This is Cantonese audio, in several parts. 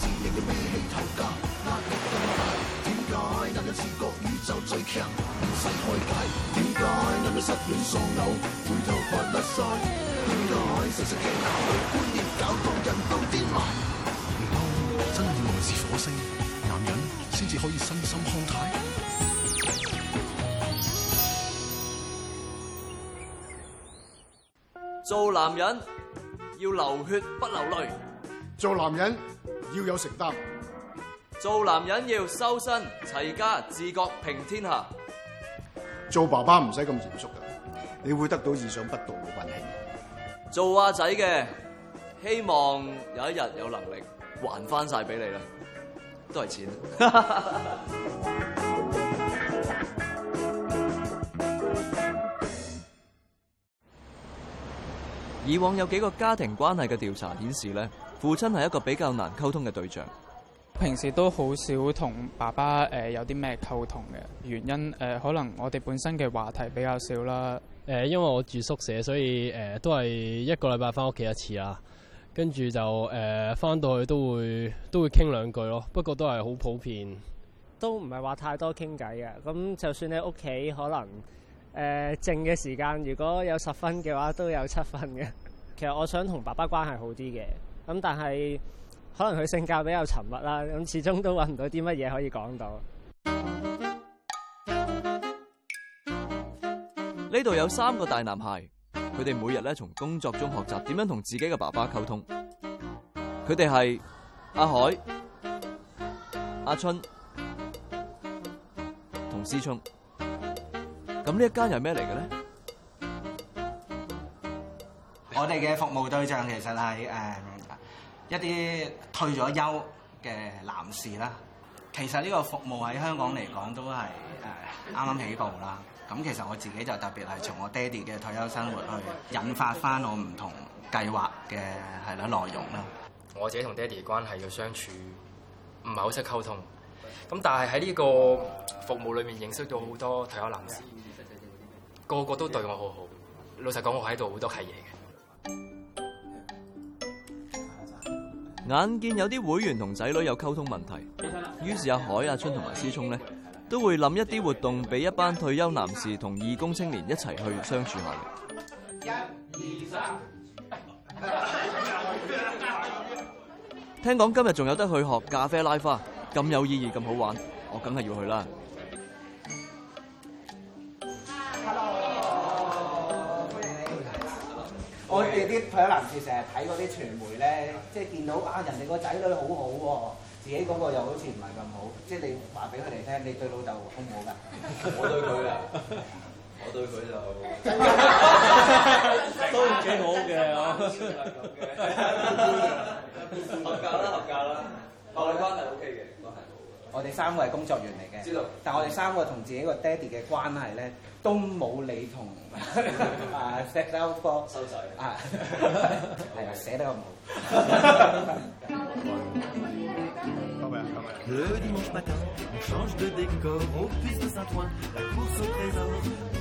仍然要背起頭家，壓力更大。點解男人自覺宇宙最強？唔使開解。點解男人失戀喪腦，回頭看，甩晒。點解成成嘅男女觀念搞到人到癲麻？難道真以為是火星男人先至可以身心康泰？做男人要流血不流淚。做男人。要有承擔，做男人要修身齊家治國平天下。做爸爸唔使咁嚴肅噶，你會得到意想不到嘅運氣。做阿仔嘅，希望有一日有能力還翻晒俾你啦，都係錢。 以往有幾個家庭關係嘅調查顯示咧。父親係一個比較難溝通嘅對象。平時都好少同爸爸誒、呃、有啲咩溝通嘅原因誒、呃，可能我哋本身嘅話題比較少啦。誒、呃，因為我住宿舍，所以誒、呃、都係一個禮拜返屋企一次啦。跟住就誒返、呃、到去都會都會傾兩句咯。不過都係好普遍，都唔係話太多傾偈嘅。咁就算你屋企，可能誒靜嘅時間，如果有十分嘅話，都有七分嘅。其實我想同爸爸關係好啲嘅。咁但係可能佢性格比較沉默啦，咁始終都揾唔到啲乜嘢可以講到。呢度有三個大男孩，佢哋每日咧從工作中學習點樣同自己嘅爸爸溝通。佢哋係阿海、阿春同颸翀。咁呢一間又係咩嚟嘅咧？我哋嘅服務對象其實係誒一啲退咗休嘅男士啦。其實呢個服務喺香港嚟講都係誒啱啱起步啦。咁其實我自己就特別係從我爹哋嘅退休生活去引發翻我唔同計劃嘅係啦內容啦。我自己同爹哋嘅關係嘅相處唔係好識溝通，咁但係喺呢個服務裡面認識到好多退休男士，個個都對我好好。老實講，我喺度好多契爺。眼見有啲會員同仔女有溝通問題，於是阿海、阿春同埋颸翀呢，都會諗一啲活動俾一班退休男士同義工青年一齊去相處下。一、二、三。聽講今日仲有得去學咖啡拉花，咁有意義咁好玩，我梗係要去啦。Okay. 我哋啲朋友，男士成日睇嗰啲傳媒咧，即係見到啊人哋個仔女好好喎，自己嗰個又好似唔係咁好，即係你話俾佢哋聽，你對老豆好唔好噶？ 我對佢他啊， 我對佢他就都幾 好嘅，嚇，咁嘅，合格啦 合格啦吧，愛關係 OK 嘅，都係。我哋三個係工作員嚟嘅，但係我哋三個同自己個爹哋嘅關係咧，都冇你同啊石修哥收仔啊係啊寫得咁好。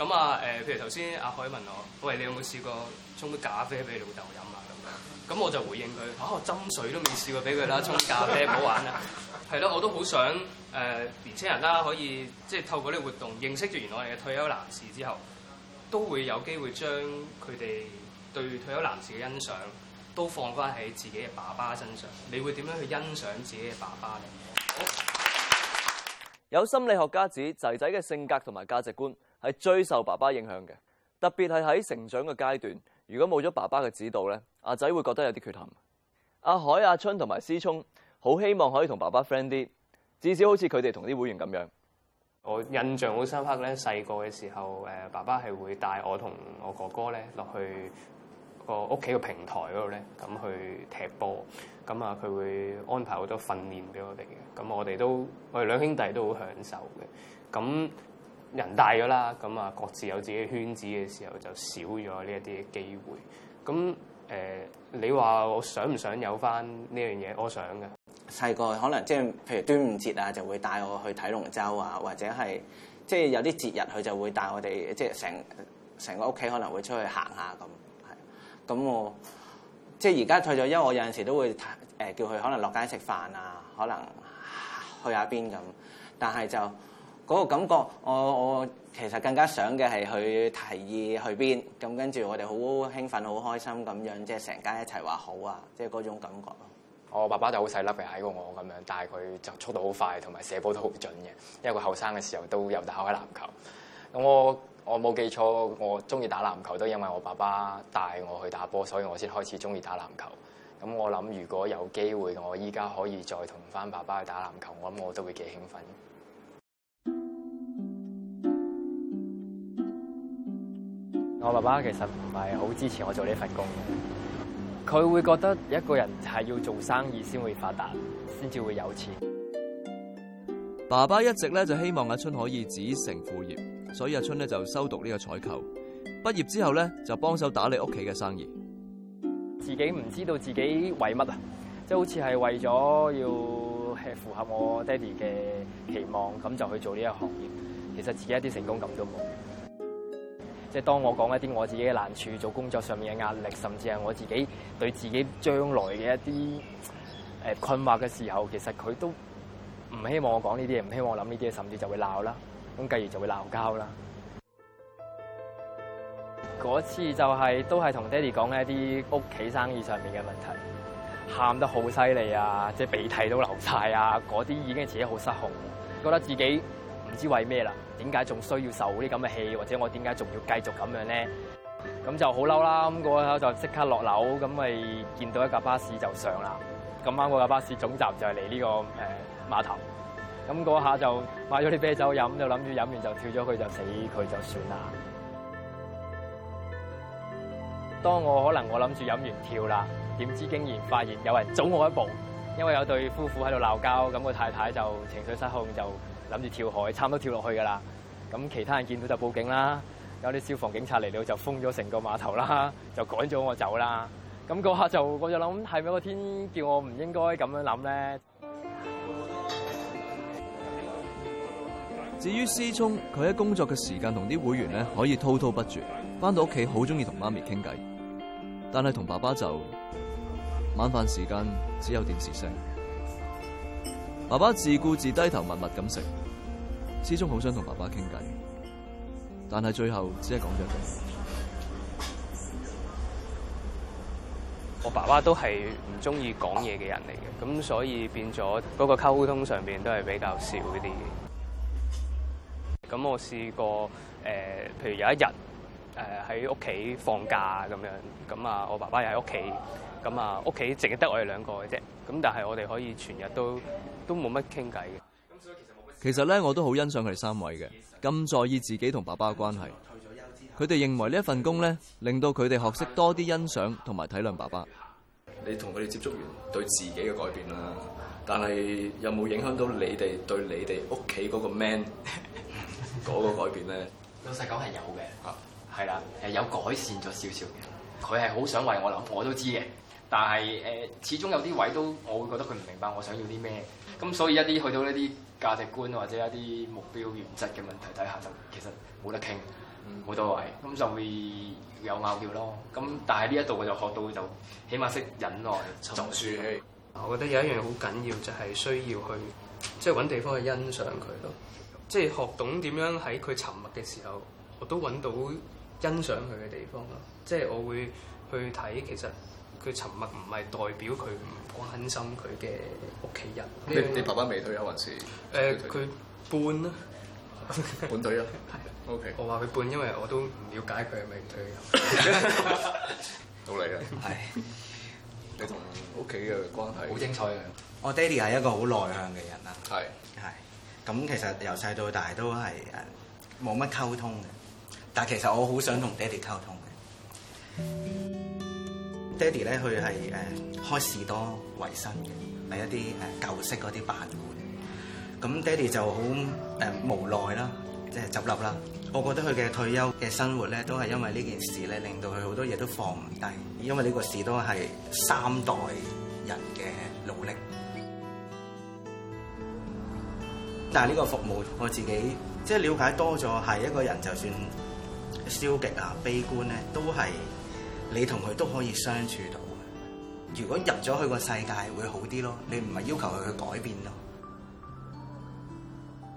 咁啊誒，譬如頭先阿海問我，喂，你有冇試過沖啲咖啡俾老豆飲啊咁樣？咁我就回應佢：「啊，我斟水都未試過俾佢啦，沖咖啡唔好玩啊。」係咯，我都好想誒、呃、年青人啦，可以即係透過呢個活動認識住原來嘅退休男士之後，都會有機會將佢哋對退休男士嘅欣賞都放翻喺自己嘅爸爸身上。你會點樣去欣賞自己嘅爸爸咧？有心理學家指仔仔嘅性格同埋價值觀。係最受爸爸影響嘅，特別係喺成長嘅階段，如果冇咗爸爸嘅指導咧，阿仔會覺得有啲缺陷。阿海、阿春同埋颸翀好希望可以同爸爸 friend 啲，至少好似佢哋同啲會員咁樣。我印象好深刻咧，細個嘅時候，誒爸爸係會帶我同我哥哥咧落去個屋企嘅平台嗰度咧，咁去踢波。咁啊，佢會安排好多訓練俾我哋嘅，咁我哋都我哋兩兄弟都好享受嘅，咁。人大咗啦，咁啊各自有自己嘅圈子嘅時候就少咗呢一啲機會。咁誒、呃，你話我想唔想有翻呢樣嘢？我想㗎。細個可能即係譬如端午節啊，就會帶我去睇龍舟啊，或者係即係有啲節日佢就會帶我哋即係成成個屋企可能會出去行下咁。係，咁我即係而家退咗休，因為我有陣時候都會誒、呃、叫佢可能落街食飯啊，可能去下邊咁，但係就。嗰個感覺，我我其實更加想嘅係去提議去邊，咁跟住我哋好興奮、好開心咁樣，即係成家一齊話好啊，即係嗰種感覺咯。我爸爸就好細粒嘅，矮過我咁樣，但係佢就速度好快，同埋射波都好準嘅。因為佢後生嘅時候都有打開籃球。咁我我冇記錯，我中意打籃球都因為我爸爸帶我去打波，所以我先開始中意打籃球。咁我諗，如果有機會，我依家可以再同翻爸爸去打籃球，我諗我都會幾興奮。我爸爸其實唔係好支持我做呢份工，佢會覺得一個人係要做生意先會發達，先至會有錢。爸爸一直咧就希望阿春可以子承父業，所以阿春咧就修讀呢個採購。畢業之後咧就幫手打理屋企嘅生意。自己唔知道自己為乜啊？即係好似係為咗要係符合我爹哋嘅期望，咁就去做呢個行業。其實自己一啲成功感都冇。即係當我講一啲我自己嘅難處、做工作上面嘅壓力，甚至係我自己對自己將來嘅一啲誒困惑嘅時候，其實佢都唔希望我講呢啲嘢，唔希望我諗呢啲嘢，甚至就會鬧啦，咁繼而就會鬧交啦。嗰 次就係、係、都係同爹哋講一啲屋企生意上面嘅問題，喊得好犀利啊，即係鼻涕都流晒啊，嗰啲已經係自己好失控，覺得自己。唔知為咩啦？點解仲需要受啲咁嘅氣？或者我點解仲要繼續咁樣咧？咁就好嬲啦！咁嗰下就即刻落樓，咁咪見到一架巴士就上啦。咁啱嗰架巴士總站就係嚟呢個誒碼頭。咁嗰下就買咗啲啤酒飲，就諗住飲完就跳咗佢就死佢就算啦。當我可能我諗住飲完跳啦，點知竟然發現有人早我一步，因為有對夫婦喺度鬧交，咁個太太就情緒失控就。諗住跳海，差唔多跳落去噶啦。咁其他人見到就報警啦，有啲消防警察嚟到就封咗成個碼頭啦，就趕咗我走啦。咁嗰下就我就諗，係咪個天叫我唔應該咁樣諗咧？至於颸翀，佢喺工作嘅時間同啲會員咧可以滔滔不絕，返到屋企好中意同媽咪傾偈，但係同爸爸就晚飯時間只有電視聲。爸爸自顧自低頭默默咁食。始終好想同爸爸傾偈，但係最後只係講咗一句。我爸爸都係唔中意講嘢嘅人嚟嘅，咁所以變咗嗰個溝通上邊都係比較少一啲嘅。咁我試過誒、呃，譬如有一日誒喺屋企放假咁樣，咁啊我爸爸又喺屋企，咁啊屋企淨係得我哋兩個嘅啫，咁但係我哋可以全日都都冇乜傾偈嘅。其實咧，我都好欣賞佢哋三位嘅，咁在意自己同爸爸嘅關係。佢哋認為呢一份工咧，令到佢哋學識多啲欣賞同埋體諒爸爸。你同佢哋接觸完，對自己嘅改變啦，但係有冇影響到你哋對你哋屋企嗰個 man 嗰個改變咧？老實講係有嘅，係啦，係有改善咗少少嘅。佢係好想為我諗，我都知嘅。但係誒、呃，始終有啲位都，我會覺得佢唔明白我想要啲咩。咁所以一啲去到一啲價值觀或者一啲目標原則嘅問題底下，就其實冇得傾，冇、嗯、到位，咁就會有拗撬咯。咁但係呢一度我就學到就，起碼識忍耐，沉住氣。我覺得有一樣好緊要就係、是、需要去，即係揾地方去欣賞佢咯。即、就、係、是、學懂點樣喺佢沉默嘅時候，我都揾到欣賞佢嘅地方咯。即、就、係、是、我會去睇其實。佢沉默唔係代表佢唔關心佢嘅屋企人。嗯嗯、你爸爸未退休還是？誒、呃，佢半啦，半退休。O K、啊。啊 okay. 我話佢半，因為我都唔了解佢係咪退休。 到你啦了。係、 嗯。你同屋企嘅關係好精彩嘅。我爹哋係一個好內向嘅人啦。係。係。咁其實由細到大都係誒冇乜溝通嘅，但係其實我好想同爹哋溝通嘅。 爹哋咧，佢係誒開士多為生嘅，係一啲誒舊式嗰啲辦館。咁爹哋就好誒無奈啦，即係執笠啦。我覺得佢嘅退休嘅生活咧，都係因為呢件事咧，令到佢好多嘢都放唔低。因為呢個士多係三代人嘅努力。 但係呢個服務，我自己即係了解多咗，係一個人就算消極啊、悲觀咧，都係。你同佢都可以相處到。如果入咗去個世界，會好啲咯。你唔係要求佢去改變咯，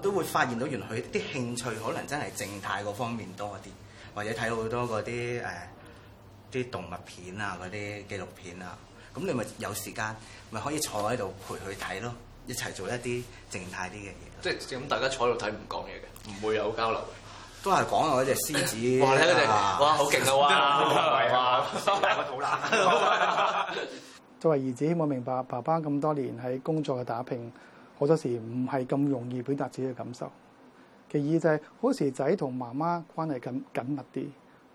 都會發現到原來佢啲興趣可能真係靜態嗰方面多啲，或者睇好多嗰啲誒啲動物片啊，嗰啲紀錄片啊。咁你咪有時間咪可以坐喺度陪佢睇咯，一齊做一啲靜態啲嘅嘢。即係咁，大家坐喺度睇唔講嘢嘅，唔 會有交流。都係講我隻獅子，哇！你隻哇好勁啦！哇哇，好、嗯、難哈哈作為兒子，希望明白爸爸咁多年喺工作嘅打拼，好多時唔係咁容易表達自己嘅感受。其二就係、是、好時仔同媽媽關係緊緊密啲，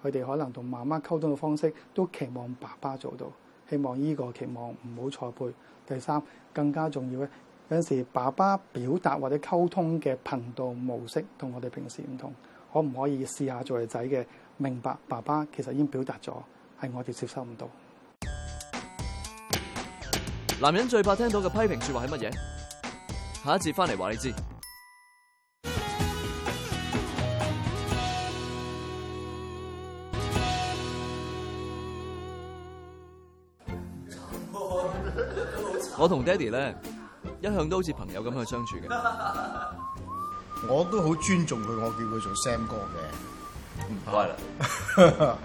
佢哋可能同媽媽溝通嘅方式都期望爸爸做到，希望呢、這個期望唔好錯配。第三更加重要嘅，有陣時爸爸表達或者溝通嘅頻道模式同我哋平時唔同。可唔可以試下做為仔嘅明白爸爸其實已經表達咗，係我哋接受唔到。男人最怕聽到嘅批評説話係乜嘢？下一次翻嚟話你知。 我同爹哋咧一向都好似朋友咁去相處嘅。我都好尊重佢，我叫佢做 Sam 哥嘅，唔該啦。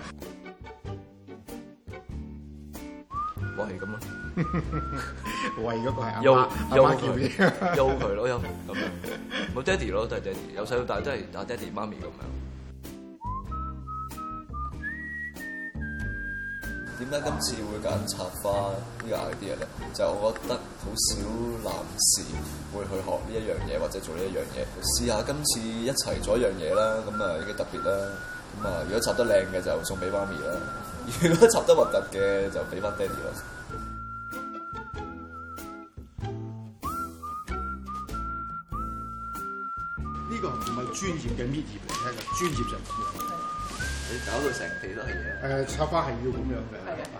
我係咁啊，樣 喂，嗰、嗰個係阿媽，阿媽叫佢，叫佢咯，又 咁樣，冇爹地咯，即係由細到大都係打爹地媽咪咁樣。點解今次會揀插花這個呢個 idea 咧？就是、我覺得好少男士會去學呢一樣嘢，或者做呢一樣嘢。試下今次一齊做一樣嘢啦，咁啊已經特別啦。咁啊，如果插得靚嘅就送俾媽咪啦；如果插得核突嘅就俾翻爹哋啦。專業嘅乜嘢嚟聽？噶專業就咁樣，你搞到成地都係嘢。誒插花係要咁樣嘅，啊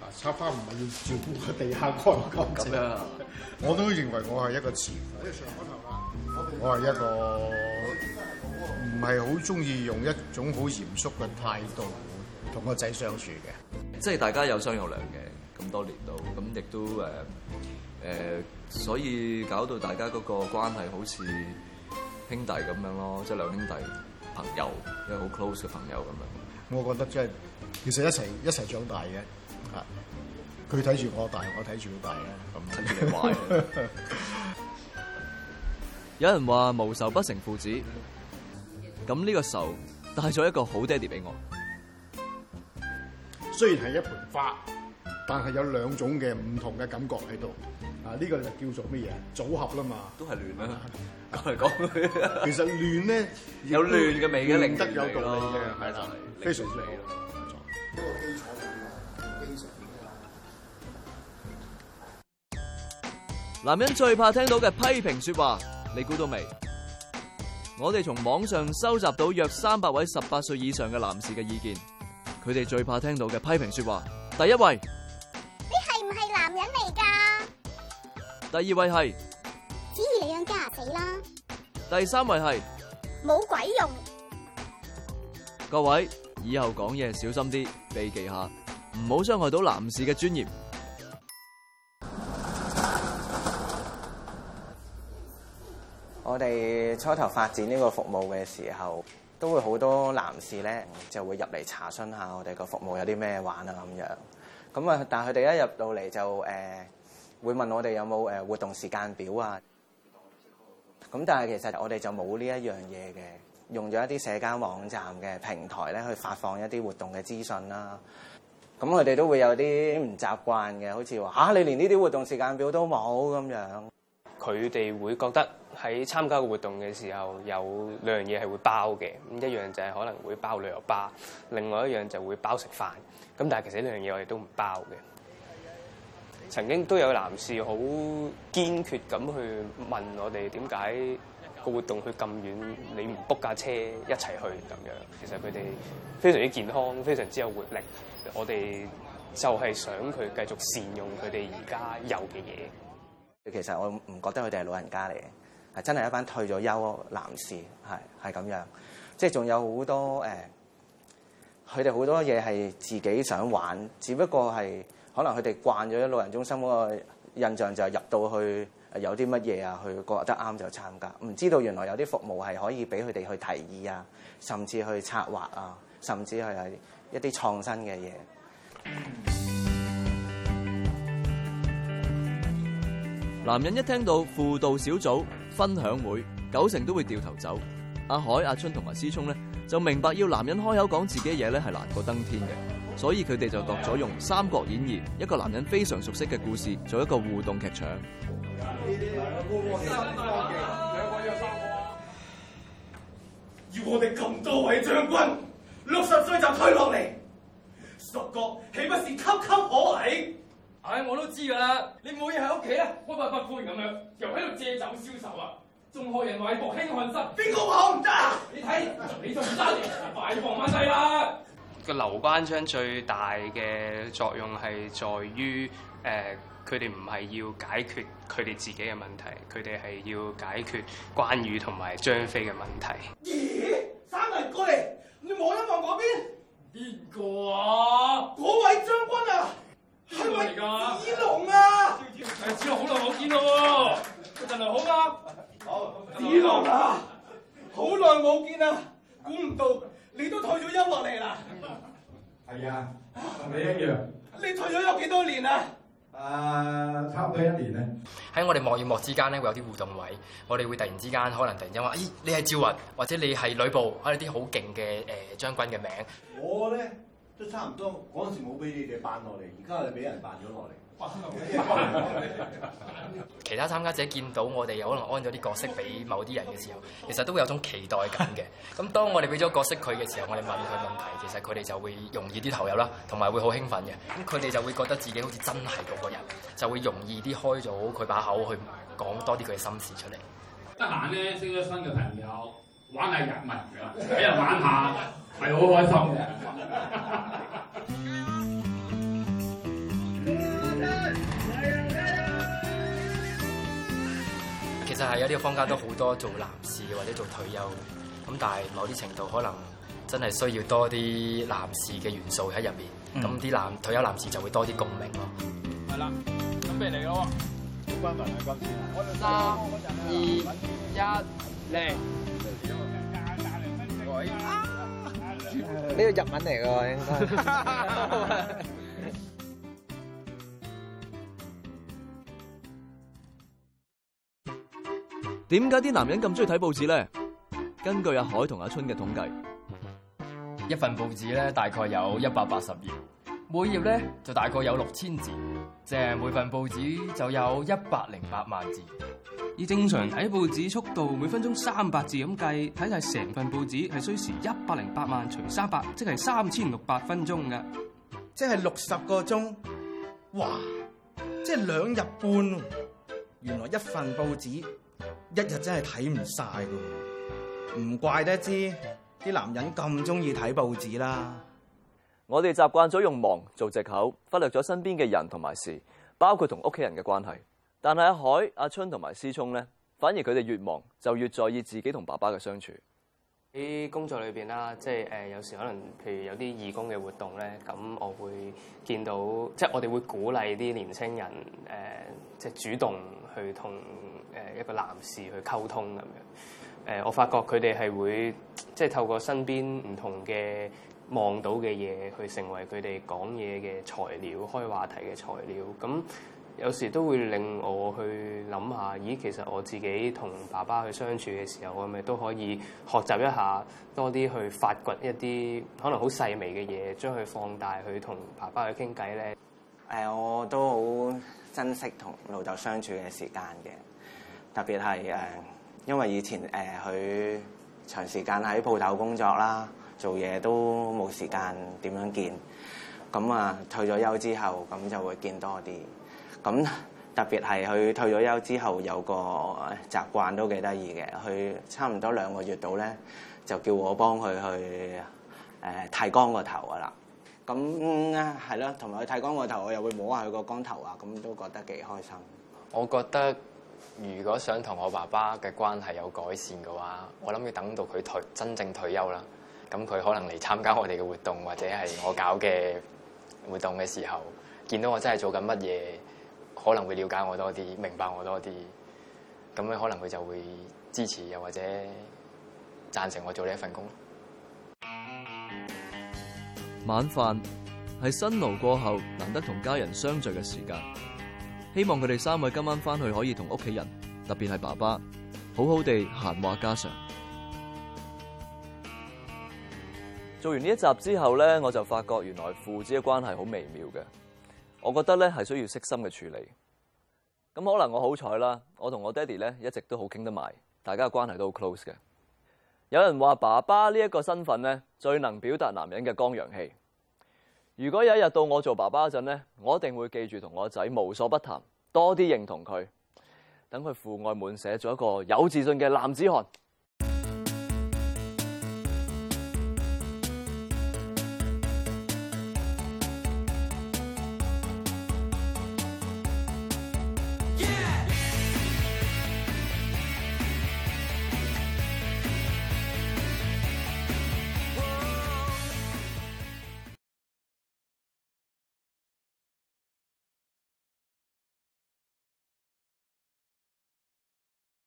啊插花唔係要照顧個地下乾唔乾淨啊！ 我都認為我係一個慈父，我係一個唔係好鍾意用一種好嚴肅嘅態度同個仔相處嘅，即係大家有商有量嘅咁多年度，咁亦都誒誒、呃，所以搞到大家嗰個關係好似兄弟咁樣咯，即係兩兄弟朋友，即係好 close 嘅朋友咁樣。我覺得即係其實一齊一齊長大嘅。啊，佢睇住我大，我睇住佢大啊，咁睇住佢大。有人話無仇不成父子，咁呢個仇帶咗一個好爹哋俾我。雖然係一盆花。但係有兩種嘅唔同嘅感覺喺度啊！呢、這個就叫做乜嘢組合啦嘛，都係亂啦。講 其實亂咧有亂嘅味嘅，令得有道理嘅，係、嗯、啦，非常之好。呢個基礎嘅基礎。男人最怕聽到嘅批評說話，你估到未？我哋從網上收集到約三百位十八歲以上嘅男士嘅意見，佢哋最怕聽到嘅批評說話，第一位。第二位係，咦你讓加啊死啦！第三位係，冇鬼用！各位以後講嘢小心啲，避忌下，唔好傷害到男士嘅尊嚴。我哋初頭發展呢個服務嘅時候，都會好多男士咧就會入嚟查詢下我哋個服務有啲咩玩啊咁樣。咁啊，但係佢哋一入到嚟就誒。呃會問我哋有冇誒活動時間表啊？咁但係其實我哋就冇呢一樣嘢嘅，用咗一啲社交網站嘅平台咧去發放一啲活動嘅資訊啦。咁佢哋都會有啲唔習慣嘅，好似話吓你連呢啲活動時間表都冇咁樣。佢哋會覺得喺參加活動嘅時候有兩樣嘢係會包嘅，咁一樣就係可能會包旅遊巴，另外一樣就會包食飯。咁但係其實呢兩樣嘢我哋都唔包嘅。曾經都有男士好堅決咁去問我哋點解個活動去咁遠，你唔 book 架車一齊去咁樣？其實佢哋非常之健康，非常之有活力。我哋就係想佢繼續善用佢哋而家有嘅嘢。其實我唔覺得佢哋係老人家嚟嘅，真係一班退咗休男士，係係咁樣。即係仲有好多誒，佢哋好多嘢係自己想玩，只不過係。可能佢哋慣咗老人中心嗰個印象，就係入到去有啲乜嘢啊，佢覺得啱就參加，唔知道原來有啲服務係可以俾佢哋去提議啊，甚至去策劃啊，甚至係一啲創新嘅嘢。男人一聽到輔導小組分享會，九成都會掉頭走。阿海、阿春同埋颸翀咧，就明白要男人開口講自己嘢咧，係難過登天嘅。所以佢哋就度咗用《三國演義》一個男人非常熟悉嘅故事，做一個互動劇場要。要我哋咁多位將軍，六十歲就退落嚟，蜀國豈不是岌岌可危？唉、哎，我都知㗎喇，你冇嘢喺屋企啦，鬱鬱不歡咁樣，又喺度借酒消愁啊，仲學人埋禍興漢室，邊個話我唔得？你睇，你仲 個劉關張最大嘅作用係在於，誒佢哋唔係要解決佢哋自己嘅問題，佢哋係要解決關羽同埋張飛嘅問題。咦？三個人過嚟，你望一望嗰邊邊個啊？嗰位將軍啊？邊個嚟㗎？子龍啊！係子龍，好耐冇見咯喎！入嚟好嗎？好。子龍啊，好耐冇見啊，估唔到。你都退咗音樂嚟啦？係啊，同你一樣。你退咗有幾多年啊？誒，差唔多一年咧。喺 我哋望與望之間咧，會有啲互動位，我哋會突然之間可能突然之間話：咦、哎，你係趙雲，或者你係呂布，啊啲好勁嘅誒將軍嘅名。 我咧都差唔多，嗰陣時冇俾你哋扮落嚟，而家係俾人扮咗落嚟。 其他參加者見到我哋可能安咗啲角色俾某啲人嘅時候，其實都會有一種期待感嘅。咁當我哋俾咗角色佢嘅時候，我哋問佢問題，其實佢哋就會容易啲投入啦，同埋會好興奮嘅。咁佢哋就會覺得自己好似真係嗰個人，就會容易啲開咗佢把口去講多啲佢嘅心事出嚟。得閒咧識咗新嘅朋友，玩，人的玩下日文，俾人玩下係好開心嘅。 其實係有啲坊間都好多做男士或者做退休，咁但係某啲程度可能真係需要多啲男士嘅元素喺入面、嗯那那，咁啲男退休男士就會多啲共鳴咯。係啦，準備嚟咯，軍民兩軍，我哋三、啊、二、啊、一零。呢個日文嚟㗎應該。 點解啲男人咁中意睇報紙咧？根據阿海同阿春嘅統計，一份報紙咧大概有一百八十頁，每頁咧就大概有六千字，即係每份報紙就有一百零八萬字。以正常睇報紙速度每分鐘三百字咁計，睇晒成份報紙係需時一百零八萬除三百，即係三千六百分鐘噶，即係六十個鐘。哇！即係兩日半，原來一份報紙。一日真係睇唔晒嘅，唔怪得之啲男人咁中意睇報紙啦。我哋習慣咗用忙做藉口，忽略咗身邊嘅人同埋事，包括同屋企人嘅關係。但係阿海、阿春同埋颸翀咧，反而佢哋越忙就越在意自己同爸爸嘅相處。喺工作裏邊啦，即係誒，有時可能譬如有啲義工嘅活動咧，咁我會見到，即係我哋會鼓勵啲年青人誒，即係主動去同。誒一個男士去溝通咁樣，誒我發覺佢哋係會即係透過身邊唔同嘅望到嘅嘢去成為佢哋講嘢嘅材料，開話題嘅材料。咁有時都會令我去諗下，咦其實我自己同爸爸去相處嘅時候，我係咪都可以學習一下多啲去發掘一啲可能好細微嘅嘢，將佢放大去同爸爸去傾偈咧？誒，我都好珍惜同老豆相處嘅時間嘅。特別係誒，因為以前誒佢長時間喺鋪頭工作啦，做嘢都冇時間點樣見，咁啊退咗休之後，咁就會見多啲。咁特別係佢退咗休之後有個習慣都幾得意嘅，佢差唔多兩個月度咧就叫我幫佢去誒剃光個頭㗎喇。咁係咯，同埋佢剃光個頭，我又會摸下佢個光頭啊，咁都覺得幾開心。我覺得。如果想同我爸爸嘅關係有改善嘅話，我諗要等到佢退真正退休啦。咁佢可能嚟參加我哋嘅活動，或者係我搞嘅活動嘅時候，見到我真係做緊乜嘢，可能會了解我多啲，明白我多啲。咁樣可能佢就會支持，又或者贊成我做呢一份工。晚飯係辛勞過後難得同家人相聚嘅時間。希望佢哋三位今晚返去可以同屋企人，特別係爸爸，好好地閒話家常。做完呢一集之後呢，我就發覺原來父子嘅關係好微妙嘅。我覺得呢係需要悉心嘅處理。咁可能我好彩啦，我同我爹哋呢一直都好傾得埋，大家嘅關係都好 close 嘅。有人話爸爸呢一個身份呢，最能表達男人嘅剛陽氣。如果有一日到我做爸爸嗰陣咧，我一定會記住同我仔無所不談，多啲認同佢，等佢父愛滿瀉咗一個有自信嘅男子漢。